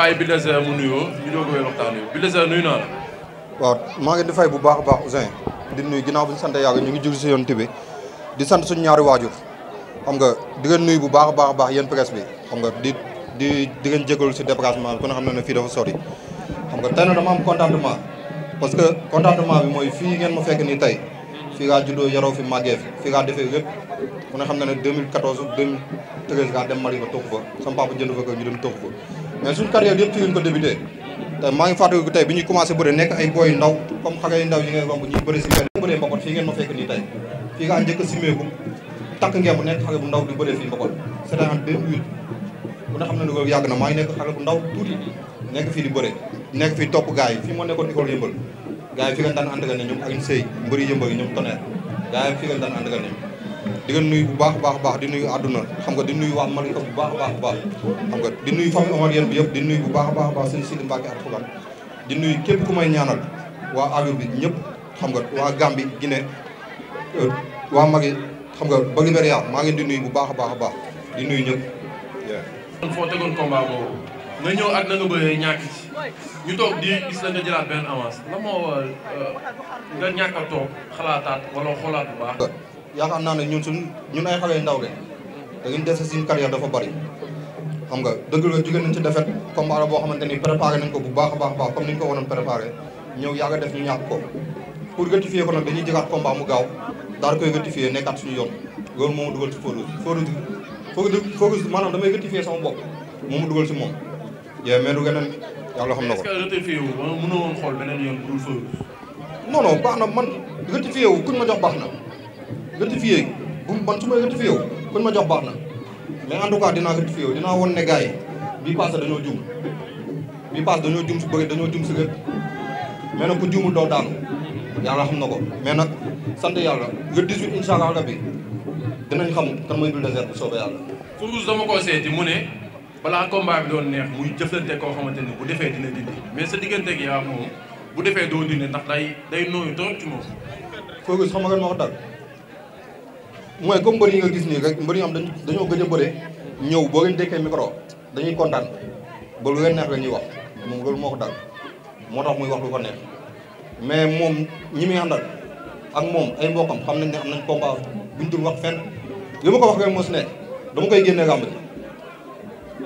bàyyi Bulldozer mu nuyoo ñu doog a wéy waxtaan wi Bulldozer nuyu naa waaw maa ngi di fay bu baax baax Ousseyn di nuyu ginnaaw bi ñu sant yàlla ñu ngi jug si yoon bi di sant su ñaari waajur xam nga di ngeen nuyu bu baax a baax a baax yéen presse bi xam nga di di di ngeen jégalu si déplacement bi ku ne xam na ne fii dafa sori xam nga tey nag dama am contentement parce que contentement bi mooy fii ngeen ma fekk nii tey fii laa juddoo yaroo fi màggee fi fii laa defee lépp ku na ne 2014 2013 laa dem Mali ba mais suñu carrière yëpp ci lañ ko débuté te maa ngi fàttaliku tey bi ñuy commencé bëre nekk ay booy ndaw comme xale yu ndaw yi ngay romb ñuy bëri si mbokot fii ngeen ma fekk nii tey fii nga am njëkk simeeku takk ngeen bu nekk xale bu ndaw di bëree fii mbokot c'était en 2008 bu nga xam nekk fii di bëre nekk fii topp gars yi fii moo nekkoon école yëmbal gars yi fi ngeen daan ànd ne ñoom ak sëy mbëri yëmbal yi ñoom tonnerre gars yi fi ngeen daan di nga nuyu bu baax baax baax di nuyu àdduna xam nga di nuyu waa Malika bu baax baax baax xam nga di nuyu famille omarienne bi yëpp di nuyu bu baax a baax baax sëñ Sidi Mbacke Alxuraan di nuyu képp ku may ñaanal waa Avion bi xam nga waa Gambie Guinée euh, waa Mali xam nga ba Libéria maa ngi di nuyu bu baax a baax a baax di nuyu ñëpp. kon foo tegoon combat boobu nga ñëw ak na nga bëree ñàkk ci ñu toog di gis la nga jëlaat benn avance euh, nga ñàkk a xalaataat wala xoolaat bu baax. yaakaar naa ne ñun suñ ñun ay xale ndaw lañ da ngeen dese suñu carrière dafa bari xam nga dëgg la jóge nañ ci defet combat boo xamante ni préparé nañ ko bu baax a baax baax comme ni ñu ko waroon préparé ñëw yaaga def ñu ñàkk ko pour rectifier ko mu gaaw daal koy rectifier nekkaat suñu yoon loolu moo ma dugal ci focus focus focus focus maanaam damay rectifier sama bopp moo ma dugal ci moom yee mais du geneen yàlla xam na ko. est-ce que rectifier wu ba mënoo woon xool beneen yoon bu focus. non non baax na man rectifier wu kuñ ma jox baax na. rectifié bu man su may rectifié wu kuñ ma jox baax na mais en tout cas dinaa rectifié wu dinaa woon ne gars yi bii passé dañoo juum bii passé dañoo juum si bëri dañoo juum si lépp mais nag ku juumul doo daanu yàlla xam na ko mais nag sant yàlla le 18 incha allah rabbi dinañ xam kan mooy Bulldozer désert bu soobee yàlla. Toulouse dama ko seeti mu ne balaa combat bi doon neex muy jëflante koo xamante ne bu defee dina dindi mais sa diggante gi yaa moom bu defee doo dindi ndax day day nooyu trop ci moom. Focus xam nga ma wax dal mooy comme mbër yi nga gis nii rek mbër yi am dañoo gëj a bëre ñëw boo leen dékkee micro dañuy kontaan ba lu neex la ñuy wax moom loolu moo ko dal moo tax muy wax lu ko mais moom ñi muy àndal ak moom ay mbokkam xam nañ ne am nañ combat buñ wax fenn li ma ko wax rek moo si nekk dama koy génne làmb ji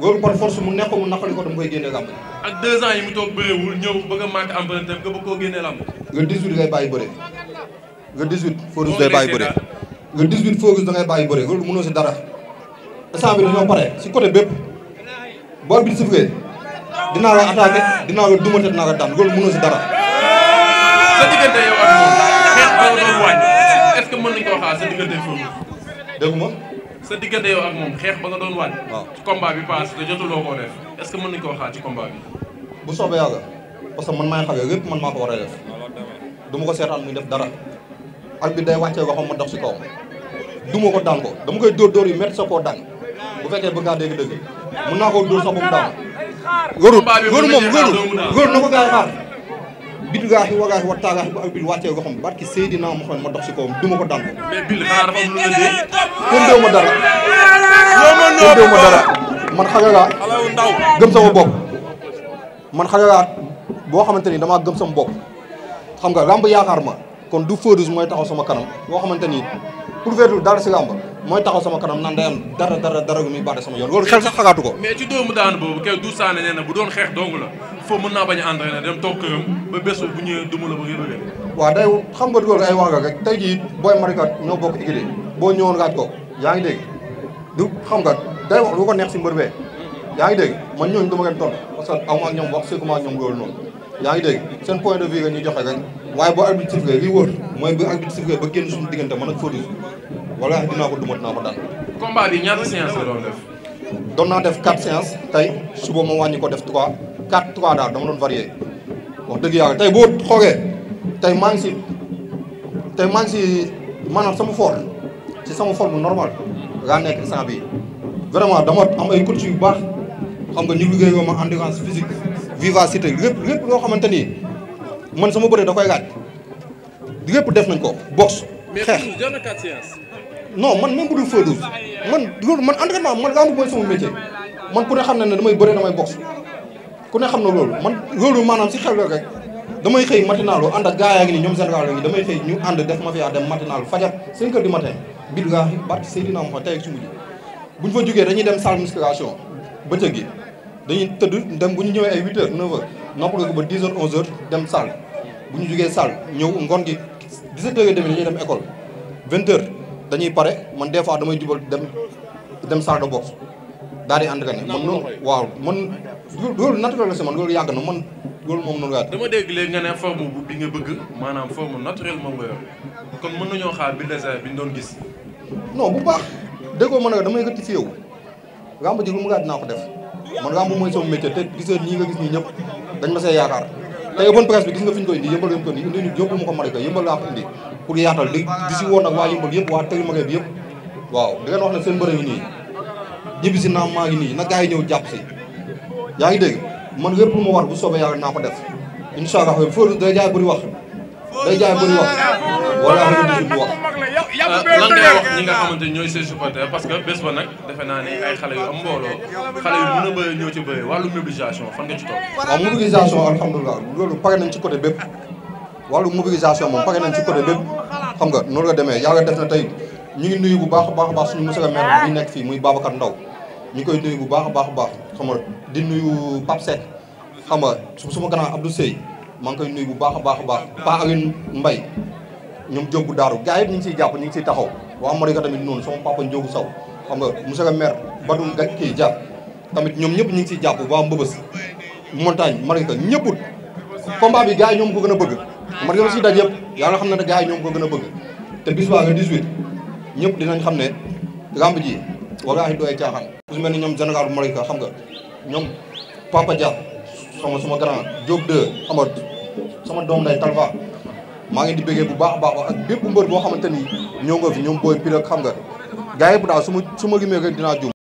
loolu mu nekk ko mu naqari ko dama koy génne làmb ji ak deux ans yi mu toog bëreewul ñëw bëgg a manqué emprunté nga bëgg koo génne làmb le 18 lay bàyyi bëre le 18 Foruz day bàyyi bëre nga 18 focus da ngay bàyyi bëre loolu mënoo si dara instant bi dañoo pare si côté bépp boor bi siflee dinaa la attaqué dinaa la dumate dinaa la daan loolu si dara. sa est-ce que mën nañu koo xaar sa diggante foofu. dégg ma. sa diggante yow ak ba nga doon wàññi. waaw ci combat est-ce que mën nañu koo ci combat bi. bu soobee yàlla man maay xale man maa ko war a def du ma ko seetaan muy def dara. arbitre day wàccee waxam ma dox si kaw duma ko daan dama koy dóor dóor yu métti sa koo daan bu fekkee bëgg naa dégg-dégg mën naa koo dóor sax ba mu daan wërul na ko gaay xaar bitu gaax yi wagaax yi wa taagaax yi bu arbitre wàccee waxam barki Seydina ma dox si kawam duma ko daan ko mais bil xanaa dafa am lu la dee kon déew ma dara kon déew ma dara man xagagaa gëm sama bopp man xagagaa boo xamante ni damaa gëm sama bopp xam nga làmb yaakaar ma kon du Fodous mooy taxaw sama kanam boo xamante ni prouvétul dara si làmb mooy taxaw sama kanam nan day am dara dara dara gu muy sama yoon loolu xel sax xalaatu ko. mais ci doomu daanu boobu kay du saane nee na bu doon xeex dong la foofu mën naa bañ a bu ñëwee duma day xam nga loolu ay wax nga rek tey jii booy marikat ñoo bokk écurie boo ñëwoon laaj ko yaa ngi dégg du xam ga day wax lu ko neex si bee yaa ngi dégg man ñooñu dama leen tontu parce que aw ma ak ñoom ma ak ñoom loolu yaa ngi dégg seen point de vue nga ñu waaye boo arbitre sifflé li wóor mooy bu arbitre sifflé ba génn suñu diggante man ak Fodil wala dinaa ko duma dinaa ko daan. combat bi doon def. doon naa def 4 séances tey suba ma wàññi ko def 3 4 3 daal dama doon varié wax dëgg yàlla tey boo xoogee tey maa ngi si tey maa si si maanaam sama forme si sama forme normal laa nekk instant bii vraiment dama am ay coach yu baax xam nga ñu liggéeyoo ma endurance physique vivacité lépp lépp loo xamante ni. man sama bëre da koy laaj lépp def nañ ko boxe. xeex non man même bu dul feu douze man loolu man ma man lamb mooy sama métier man ku ne xam na ne damay bëre damay boxe ku ne xam na loolu man loolu maanaam si xew la rek damay xëy matinal ànd ak gaa yaa ngi nii ñoom général la ngi damay xëy ñu ànd def ma fiyaa dem matinal fajar cinq heures du matin bidgaaxi barki Seydina Muhammad tey ak suba bu ñu fa jógee dañuy dem salle musculation bëccëg gi dañuy tëdd dem bu ñu ñëwee ay huit heures noppaloo ko ba 10 heures 11 heures dem salle bu ñu jugee salle ñëw ngoon gi 17 heures demee dem école 20 heures dañuy pare man des fois damay jubal dem dem salle de boxe daal di ànd ka ne man noonu waaw man loolu naturel la si loolu yàgg na man loolu moom noonu yaatu dama dégg léegi nga ne bi nga bëgg maanaam forme naturelle moom nga yor kon mën nañoo xaar bi désert bi ñu doon gis non bu baax déggoo mën a damay gëtt si yow ramb ji mu ngaa dinaa ko def man ramb mooy sama métier te gisee ñii nga gis ñii ñëpp dañ ma see yaakaar te open presse bi gis nga fi ko indi yëmbal yëpp ko indi indi ñu yóbbu ma ko Malika yëmbal laa ko indi pour yaatal di si woon nag waa yëmbal yëpp waa tëri magee bi yëpp waaw di leen wax ne seen nii ñibbi si naam maa ngi nii na gars yi ñëw jàpp si yaa ngi dégg man lépp lu ma war bu soobee yàlla naa ko def incha allah foofu day jaay bëri wax day jaay bëri wax. Ah, ah, ah, wala am na lu wax. lan ngay wax ñi nga xamante ni ñooy ses supporters parce que bés ba nag defe naa ne ay xale yu am mbooloo xale yu mën a bëre ñoo ci bëri wàllu mobilisation fan nga ci toog. waaw mobilisation alhamdulilah loolu pare nañ ci côté bépp wàllu mobilisation moom pare nañ ci côté bépp xam nga noonu la demee yàlla def na tey ñu ngi nuyu bu baax a baax a baax suñu monsieur le maire bi nekk fii muy Babacar Ndaw ñu koy nuyu bu baax a baax a baax xam nga di nuyu Pape xam nga su ma gannaaw Abdou Seye maa ngi koy nuyu bu baax a baax a baax baax Awin Mbay ñoom jógu daaru gars yëpp ñu siy jàpp ñu ngi siy taxaw waa Malika tamit noonu sama papa Njóogu Saw xam nga monsieur le maire Badou Gaye kii Dia tamit ñoom ñëpp ñu ngi siy jàpp waa Mbëbës montagne Malika ñëpput combat bi gars yi ñoom ko gën a bëgg Malika la siy daj yàlla xam na ne gars ñoom ko gën a bëgg te bis baa nga 18 ñëpp dinañ xam ne lamb ji wallaahi dooy caaxaan ku si mel ni ñoom général Malika xam nga ñoom Papa Dia sama sama grand Diop 2 xam sama doom day Talfa maa ngi di bëggee bu baax a baax ak bépp mbër boo xamante ni ñëw nga fi ñoom booy pire xam ga gars yi bu daal suma ma su ma limee rek dinaa jum